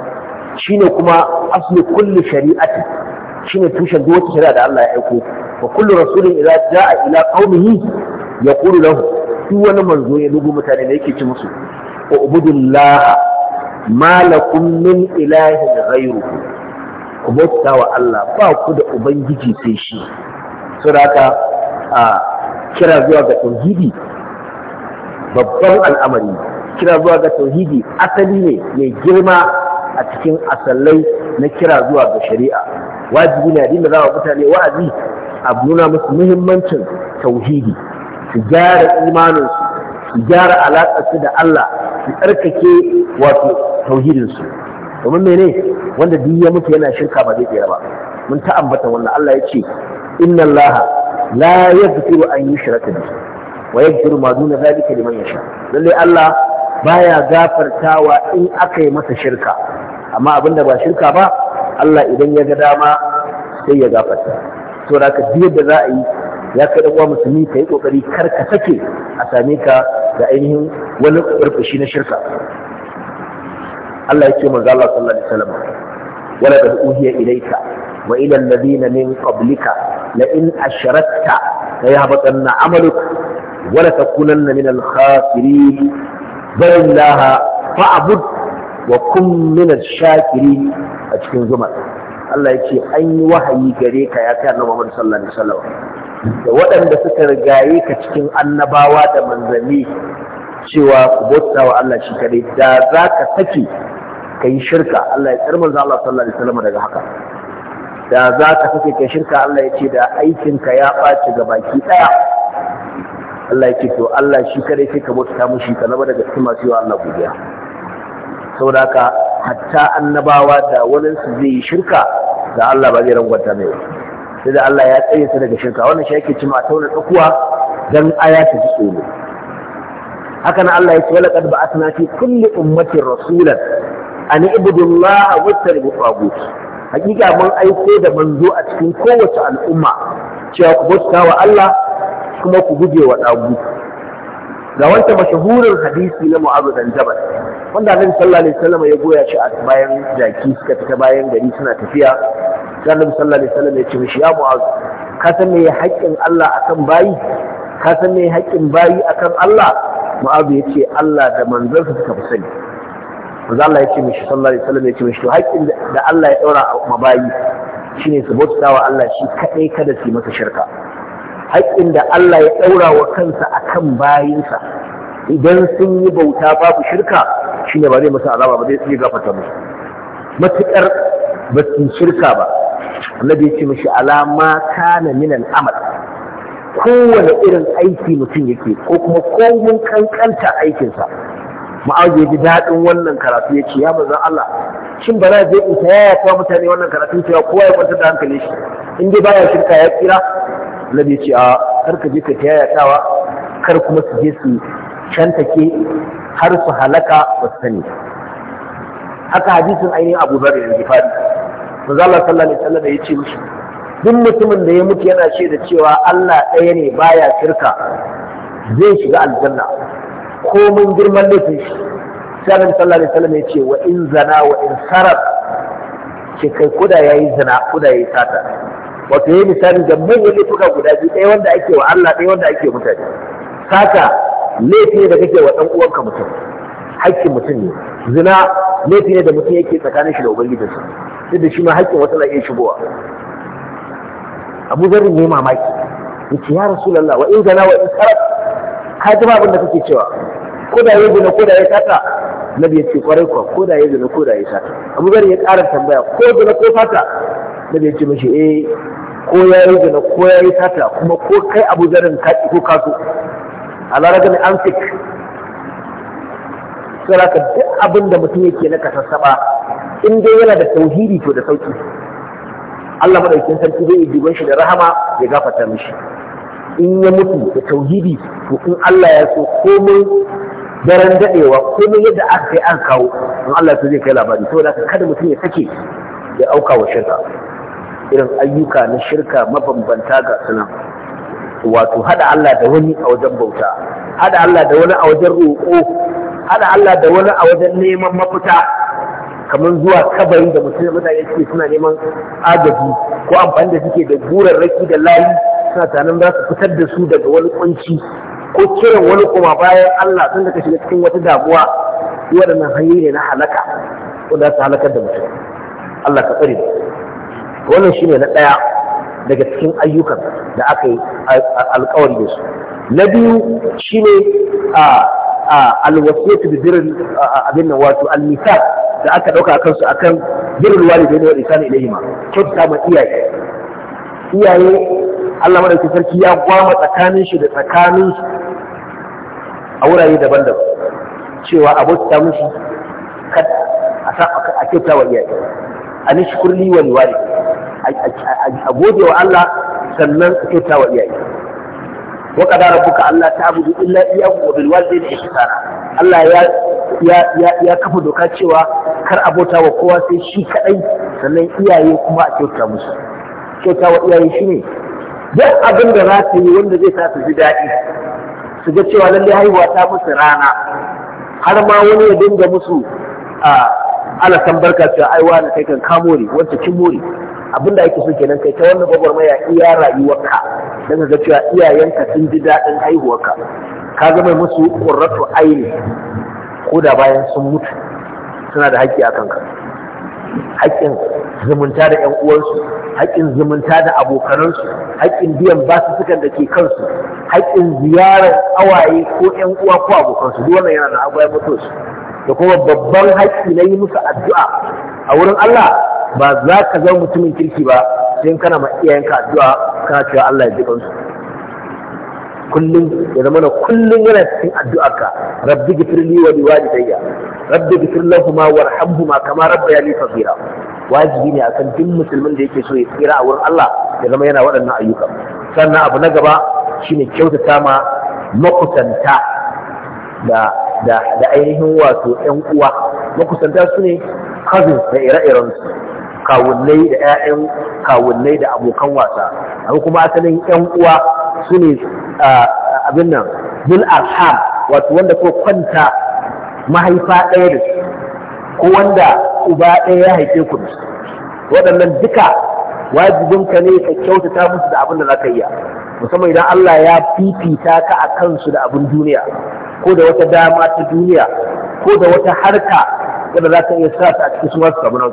shine kuma asli kulli shari'ati shine tushen duk wata shari'a da Allah ya aiko wa kullu rasulin idza jaa ila qaumihi yaqulu lahu duk wani manzo ya dubu mutane da yake ci musu wa ubudullah malakum min ilahin ghayru ku bauta wa Allah ba ku da ubangiji sai shi saboda a kira zuwa ga tauhidi babban al'amari kira zuwa ga tauhidi asali ne mai girma a cikin asalai na kira zuwa ga shari'a wajibi ne a dinda za mutane wa'azi abu nuna musu muhimmancin tauhidi su gyara imaninsu su gyara alaƙarsu da Allah su tsarkake wato tauhidinsu domin mene wanda duk ya mutu yana shirka ba zai tsira ba mun ta ambata wannan Allah ya ce inna Allah la yaghfiru an yushraka bihi wa yaghfiru ma duna zalika liman yasha lalle Allah baya gafartawa in aka yi masa shirka amma abinda ba shirka ba Allah idan ya ga dama sai ya gafarta to da ka da za a yi ya kai uwa musulmi ka yi ƙoƙari kar ka sake a same ka da ainihin wani burbushi na shirka Allah ya ce manzo Allah sallallahu alaihi wasallam wala qad uhiya ilayka wa ila alladhina min qablika la in ashrakta la yahbatanna amaluk wala takunanna min al-khasirin bal laha fa'bud wa kun min ash-shakirin a cikin zumar Allah ya ce an yi wahayi gare ka ya kai annabi Muhammad sallallahu alaihi wasallam da waɗanda suka rigaye ka cikin annabawa da manzanni cewa ku bauta wa Allah shi kadai da za ka saki ka yi shirka Allah ya tsar manzo Allah sallallahu alaihi wasallam daga haka da za ka saki ka shirka Allah ya ce da aikinka ya ɓaci ga baki ɗaya Allah ya ce to Allah shi kadai sai ka bauta mushi ka zama daga cikin masu yi wa Allah godiya saboda haka hatta annabawa da wani su zai yi shirka da Allah ba zai rangwanta mai sai da Allah ya tsaye ta daga shirka wannan shi yake cima tauna tsakuwa dan aya ta ji tsoro haka nan Allah ya ce walaqad ba'athna fi kulli ummatin rasulan an ibudu Allah wa taribu tagut hakika mun aiko da manzo a cikin kowace al'umma cewa ku bauta wa Allah kuma ku guje wa dagu ga wanta mashahurin hadisi na Mu'adh bin Jabal wanda annabi sallallahu alaihi wasallam ya goya shi a bayan jaki suka fita bayan gari suna tafiya sai annabi sallallahu alaihi wasallam ya ce mishi ya mu'az ka san me haƙƙin Allah akan bayi ka san me haƙƙin bayi akan Allah mu'az ya ce Allah da manzansa suka fi sani manzo Allah ya ce mishi sallallahu alaihi wasallam ya ce mishi to haƙƙin da Allah ya daura ma bayi shine su bauta wa Allah shi kadai kada su yi masa shirka haƙƙin da Allah ya daura wa kansa akan bayinsa idan sun yi bauta babu shirka shi ne ba zai masa azaba ba zai gafarta musu matuƙar ba su shirka ba annabi ya ce mishi alama kana minan amal kowane irin aiki mutum yake ko kuma komun kankanta aikinsa ma'aji ya ji daɗin wannan karatu ya ce ya manzan Allah shin ba zai in ta yaya kuwa mutane wannan karatu cewa kowa ya kwantar da hankali shi in dai baya shirka ya kira annabi ya ce a kar ka je ka ta yaya tawa kar kuma su je su take har su halaka ba su sani haka hadisin ainihin abu zar fadi gifari zala sallallahu alaihi wasallam ya ce musu duk mutumin da ya mutu yana ce da cewa Allah ɗaya ne baya shirka zai shiga aljanna ko mun girman laifin shi sallallahu alaihi wasallam ya ce wa in zana wa in sarab ce kai kuda yayi zana kuda yayi sata wato yayi misali da manyan laifuka guda biyu ɗaya wanda ake wa Allah ɗaya wanda ake mutane sata laifi da kake wa ɗan uwanka mutum haƙƙin mutum ne zina laifi ne da mutum yake tsakanin shi da ubangijinsa duk da shi ma haƙƙin wata na iya shigowa abu zarri ne mamaki yace ya rasulullah wa in zana wa in sarat ka ji abin da kake cewa ko da ya zina ko da ya sata nabi ya ce kwarai kuwa ko da ya zina ko da ya sata abu zarri ya ƙara tambaya ko zina ko sata nabi ya ce mashi eh ko ya yi zina ko ya yi sata kuma ko kai abu zarin ka ko ka so halara gani an fik ka duk abin da mutum yake na kasassaba in dai yana da tauhidi to da sauki Allah madaukakin sarki zai yi shi da rahama ya gafata mishi in ya mutu da tauhidi to in Allah ya so komai daren dadewa komai yadda aka kai an kawo in Allah so zai kai labari saboda kada mutum ya sake ya auka wa shirka irin ayyuka na shirka mabambanta ga sunan wato hada Allah da wani a wajen bauta hada Allah da wani a wajen roƙo hada Allah da wani a wajen neman mafita kamar zuwa kabari da mutum mutane suke suna neman agaji ko amfani da suke da raki da layi suna tanan za su fitar da su daga wani kunci ko kiran wani kuma bayan Allah sun daga shiga cikin wata damuwa waɗannan hanyoyi ne na halaka za su halakar da mutum Allah ka tsare wannan shine na ɗaya daga cikin ayyukan da aka yi alkawari da su na biyu ne a alwasiyatu bi birin abin nan wato almisa da aka ɗauka a kansu a kan akan wani walidaini wal isa na kyautata ma iyaye iyaye Allah madaukakin sarki ya gwama tsakanin shi da tsakanin a wurare daban-daban cewa abota mushi a kyauta wa iyaye an shukuri wani wani a gode wa Allah sannan a kyauta wa iyaye wa qadara rabbuka Allah ta'budu illa iyyahu wa bil walidayni ihsana Allah ya kafa doka cewa kar abota wa kowa sai shi kadai sannan iyaye kuma a kyauta musu kyauta wa iyaye shine duk abin da za su yi wanda zai sa su ji daɗi su ga cewa lallai haihuwa ta musu rana har ma wani ya dinga musu alasan barka cewa aiwa na kai kan kamori wanda kin Mori?" Abin da ake so kenan kai ta wannan gwagwarmaya iya rayuwarka don ga cewa iyayenka sun ji daɗin haihuwarka ka zama musu ƙurratu aini ko da bayan sun mutu suna da haƙƙi a kanka haƙƙin zumunta da ƴan uwansu haƙƙin zumunta da abokanansu haƙƙin biyan basussukan da ke kansu haƙƙin ziyarar awaye ko ƴan uwa ko abokansu duk wannan yana da agwaya mutuwarsu da kuma babban haƙƙi na yi musu addu'a a wurin Allah ba za ka zama mutumin kirki ba sai kana ma iyayenka addu'a kana cewa Allah ya ji kansu kullum ya zama na kullum yana cikin addu'arka rabbi gifirli wa liwalidayya rabbi gifir lahumu warhamhuma kama rabbayani saghira wajibi ne akan duk musulmin da yake so ya tsira a wurin Allah ya zama yana waɗannan ayyuka sannan abu na gaba shine kyautata ma makusanta da da da ainihin wato ƴan uwa makusanta su ne cousins da ire-irensu kawunnai da 'ya'yan kawunnai da abokan wasa amma kuma asalin 'yan uwa su ne abin nan bil arham wato wanda ko kwanta mahaifa ɗaya da su ko wanda uba ɗaya ya haife ku da su waɗannan duka wajibinka ne ka kyautata musu da abin da za ka yi musamman idan Allah ya fifita ka a kansu da abin duniya ko da wata dama ta duniya ko da wata harka wadda za ka iya sa ta a cikin su masu nan.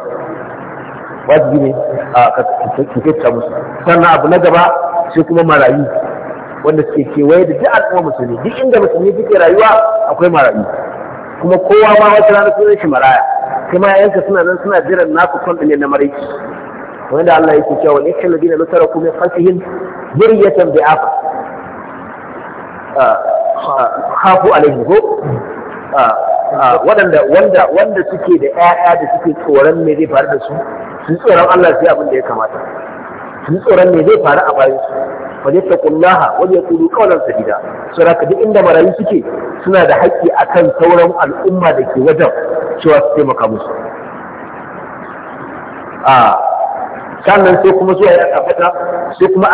wajibi ne a kakakka musu sannan abu na gaba sai kuma marayu wanda suke kewaye da duk al'umma musulmi duk inda musulmi suke rayuwa akwai marayu kuma kowa ma wata rana sunan shi maraya kuma yayanka suna nan suna jiran naku son ne na maraici wanda Allah yake cewa wal ikhla dina lusara kum min khasihim zuriyatan bi afa ah, ah, khafu alaihim ko ah, waɗanda wanda wanda suke da ƴaƴa da suke tsoron me zai faru da su su tsoron Allah sai abin da ya kamata su tsoron ne zai faru a bayan su wani ta kullaha wani ya kudu kawalan sabida su raka duk inda marayu suke suna da haƙƙi akan sauran al'umma da ke wajen cewa su taimaka musu a sannan sai kuma zuwa ya tabbata sai kuma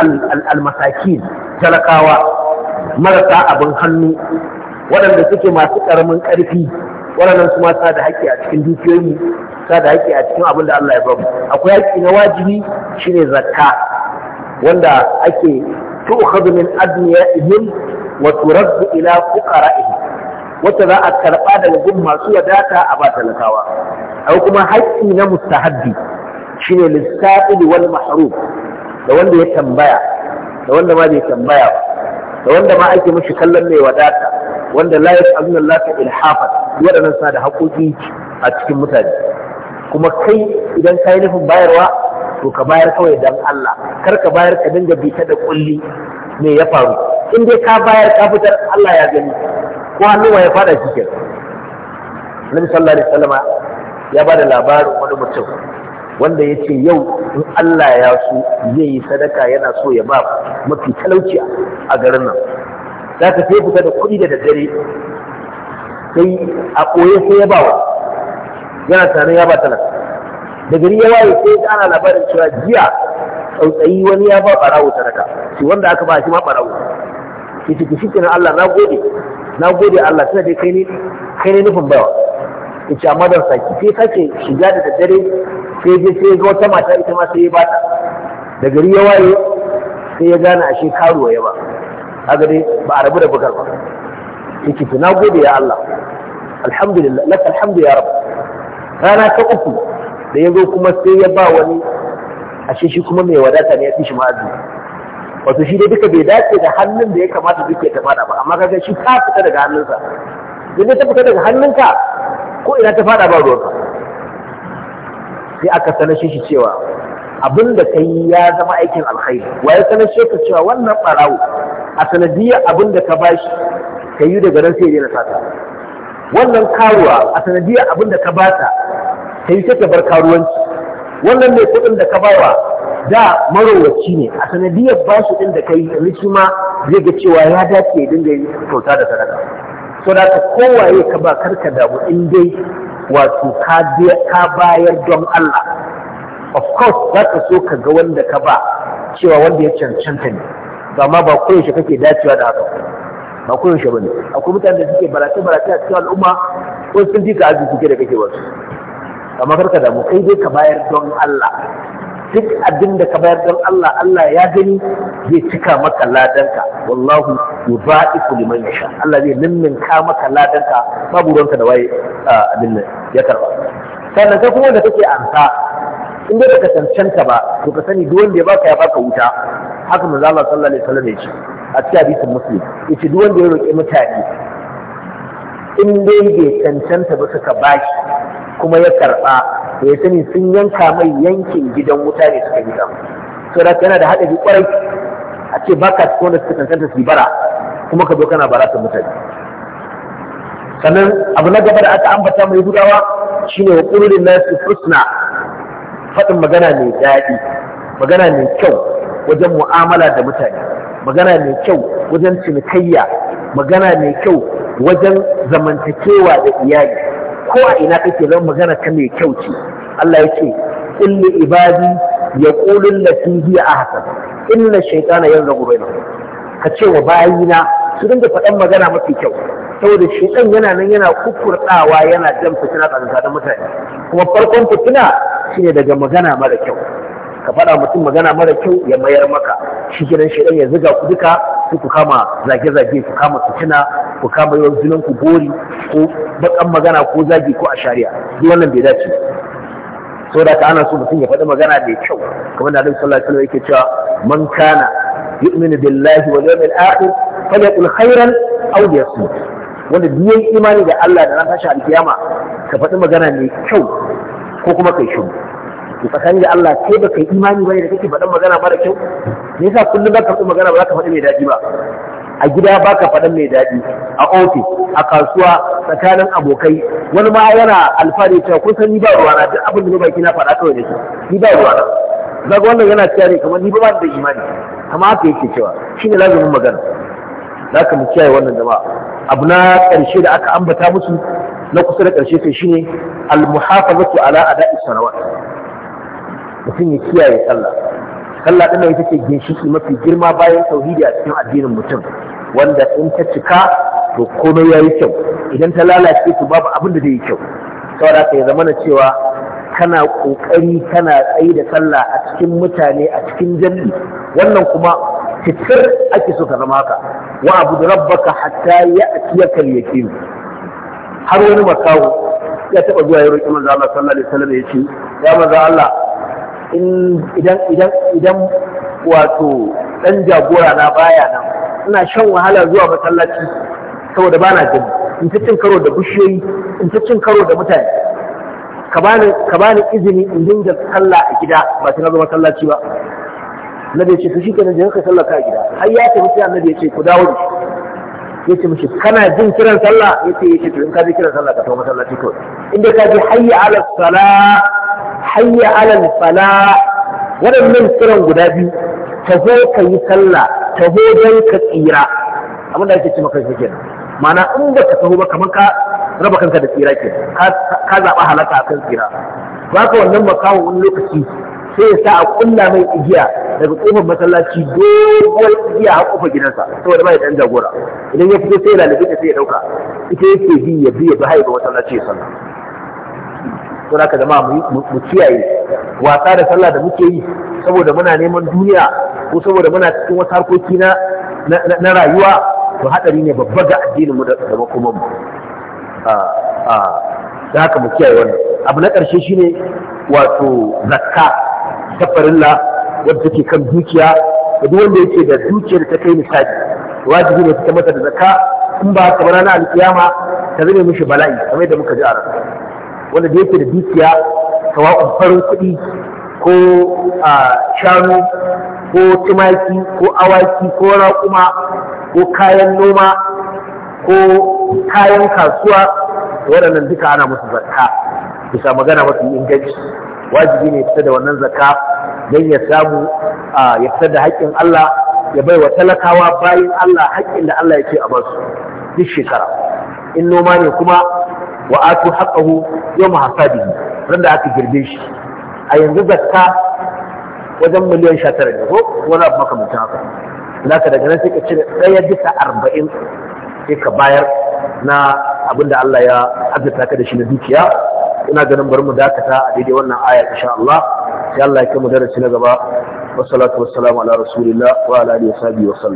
al-masakin talakawa marasa abin hannu waɗanda suke masu ƙaramin ƙarfi waɗannan su ma da haƙƙi a cikin dukiyoyi sada da haƙƙi a cikin abin da Allah ya mu. akwai haƙƙi na wajibi shine zakka wanda ake tu'khadhu min adniyahum wa turaddu ila fuqara'ihim wata za a karɓa daga gun masu wadata a ba talakawa akwai kuma haƙƙi na mustahabbi shine lissa'il wal mahrum da wanda ya tambaya da wanda ma bai tambaya ba da wanda ma ake mishi kallon mai wadata wanda la yas'aluna laka ilhafa waɗannan suna da haƙoƙi a cikin mutane kuma kai idan ka yi nufin bayarwa to ka bayar kawai don Allah kar ka bayar ka dinga bita da kulli me ya faru in dai ka bayar ka fitar Allah ya gani ko hannuwa ya fada shi kenan Annabi sallallahu alaihi wasallam ya bada labarin wani mutum wanda ya ce yau in Allah ya so zai yi sadaka yana so ya ba mafi talauci a garin nan za ka fi fita da kuɗi da daddare sai a ɓoye sai ya ba wa yana tunanin ya ba talar da gari ya waye sai ana labarin cewa jiya tsautsayi wani ya ba ɓarawo sadaka shi wanda aka ba shi ma ɓarawo shi ciki shi kenan Allah na gode na gode Allah tana dai kai ne kai ne nufin bawa ci amma da saki sai sake shiga da daddare sai je sai ga wata mata ita ma sai ya ba ta. da gari ya waye sai ya gane ashe karuwa ya ba kaga dai ba a rabu da bukar ba yake to na gode ya Allah alhamdulillah lak alhamdu ya rabb rana ta uku da ya zo kuma sai ya ba wani a shi kuma mai wadata ne ya fi shi ma'azi wato shi dai duka bai dace da hannun da ya kamata duk ya taɓa ba amma kaga shi ka fita daga hannunsa idan ta fita daga hannunka ko ina ta fada ba ruwanka sai aka sanar shi cewa abin da ka yi ya zama aikin alkhairi wa ya sanar shi ka cewa wannan barawo a sanadiyar abin da ka shi ka yi daga nan sai ya daina sata wannan karuwa a sanadiyar abin da ka ba ta, ka yi ta bar karuwanci wannan mai kuɗin da ka bawa da marowaci ne a sanadiyar bashi ɗin da ka yi rishi ma zai ga cewa ya dace ya dinga yi kyauta da sadaka so da ka kowaye ka ba karka damu in dai wato ka bayar don Allah of course za ka so ka ga wanda ka ba cewa wanda ya cancanta ne to amma ba shi kake dacewa da haka ba shi bane akwai mutane da suke barace barace a cikin al'umma ko sun ji ka arziki suke da kake wasu amma karka damu kai dai ka bayar don Allah duk abin da ka bayar don Allah Allah ya gani zai cika maka ladanka wallahu yubaiku liman yasha Allah zai ka maka ladanka babu ruwanka da waye abin nan ya karba sannan kai kuma da kake ansa in dai baka cancanta ba to ka sani duk wanda ya baka ya baka wuta haka mu zama tsalla ne tsalla ne shi. a cikin abisun musulun ita duwan wanda ya roƙi mutane in dai bai cancanta ba suka bashi kuma ya karɓa to ya sani sun yanka mai yankin gidan wuta ne suka yi to da yana da haɗari kwarai a ce baka cikin wanda suka cancanta su yi bara kuma ka zo kana barata mutane sannan abu na gaba da aka ambata mai gudawa shine wa na su husna faɗin magana mai daɗi magana mai kyau wajen mu'amala da mutane magana mai kyau wajen cinikayya magana mai kyau wajen zamantakewa da iyali ko a ina kake zan magana ta mai kyau ce Allah ya ce inni ibadi ya kulun lati a ahsan inna shaytana yanzagu bainahum ka ce wa bayina su dinga faɗan magana mafi kyau saboda shaytan yana nan yana kukurdawa yana jan fitina tsakanin mutane kuma farkon fitina shine daga magana mara kyau ka faɗa mutum magana mara kyau ya mayar maka shi gidan shi ya zuga ku duka sai ku kama zage-zage ku kama fitina ku kama yawan junan ku bori ko bakan magana ko zagi ko a shari'a duk wannan bai dace so da ana so mutum ya faɗi magana mai kyau kamar da Annabi sallallahu alaihi yake cewa man kana yu'minu billahi wal yawmil akhir falyaqul khairan aw wanda duk yayin imani da Allah da ran tashi alkiyama ka faɗi magana mai kyau ko kuma kai shiru to tsakanin da Allah sai baka yi imani bane da kake faɗan magana mara kyau me yasa kullum baka faɗi magana ba za ka faɗi mai daɗi ba a gida baka faɗan mai daɗi a ofis a kasuwa tsakanin abokai wani ma yana alfahari cewa kun san ni ba ruwa na duk abin da baki na faɗa kawai da shi ni ba ruwa na zaga wannan yana cewa ne kamar ni ba da imani amma haka yake cewa shine lazumin magana za ka mu kiyaye wannan jama'a abu na ƙarshe da aka ambata musu na kusa da ƙarshe sai shine al-muhafazatu ala ada'i salawat mutum ya kiyaye sallah sallah ɗin ita ce ginshiki mafi girma bayan tauhidi a cikin addinin mutum wanda in ta cika to komai ya yi kyau idan ta lalace to babu abin da zai yi kyau saboda ka ya zama na cewa kana ƙoƙari kana tsayi da sallah a cikin mutane a cikin jami'i wannan kuma fitar ake so ka zama haka wa abu da rabbaka hatta ya atiyaka yakin har wani makawo ya taɓa zuwa ya roƙi manzo Allah sallallahu alaihi wasallam ya ce ya manzo Allah idan wato ɗan jagora na baya nan ina shan wahala zuwa masallaci saboda bana gani in ta cin karo da bishiyoyi in ta cin karo da mutane ka bani izini in dinga sallah a gida ba ta zama masallaci ba Na ya ce to shikenan je ka sallah ka a gida har ya tafi na annabi ya ce ku dawo da shi ya ce mishi kana jin kiran sallah ya ce to in ka ji kiran sallah ka tawo masallaci kawai inda ka ji hayya ala sala hayya ala fala waɗannan kiran guda biyu zo ka yi sallah taho don ka tsira abin da ake ce maka shi ma'ana in ba ka taho ba kamar ka raba kanka da tsira ke ka zaɓa halaka a kan tsira ba ka wannan makawo wani lokaci sai ya sa a kulla mai igiya daga kofar masallaci doguwar igiya a kofar gidansa saboda ba ya dan jagora idan ya fito sai ya lalace sai ya dauka ita yake bi ya bi ya bi haifa masallaci ya sallah to haka jama'a mu kiyaye wasa da sallah da muke yi saboda muna neman duniya ko saboda muna cikin wasu harkoki na na rayuwa to hadari ne babba ga addinin mu da a da haka mu kiyaye wannan abu na ƙarshe shine wato zakka ta wanda wadda take kan dukiya da duk wanda yake da dukiyar ta kai misali wajibi ne ta mata da zakka in ba kamar ranar alkiyama ta zame mishi bala'i kamar yadda muka ji a ranar wanda da yake da dukiya sawa'un farin kuɗi ko a shanu ko tumaki ko awaki ko raƙuma ko kayan noma ko kayan kasuwa waɗannan duka ana musu zakka bisa magana mafi inganci wajibi ne fita da wannan zaka don ya samu ya fita da haƙƙin Allah ya bai wa talakawa bayan Allah haƙƙin da Allah ya ce a basu duk shekara in noma ne kuma wa atu haqqahu yawm hasadihi randa aka girbe shi a yanzu zakka wajen miliyan 19 ne ko wani abu makamancin haka naka daga nan sai ka cire ɗaya bisa arba'in sai ka bayar na abin da Allah ya azurta ka da shi na dukiya ina ganin bari mu dakata a daidai wannan aya insha Allah sai Allah ya kai mu darasi na gaba wassalatu wassalamu ala rasulillah wa ala alihi wa sahbihi wa sallam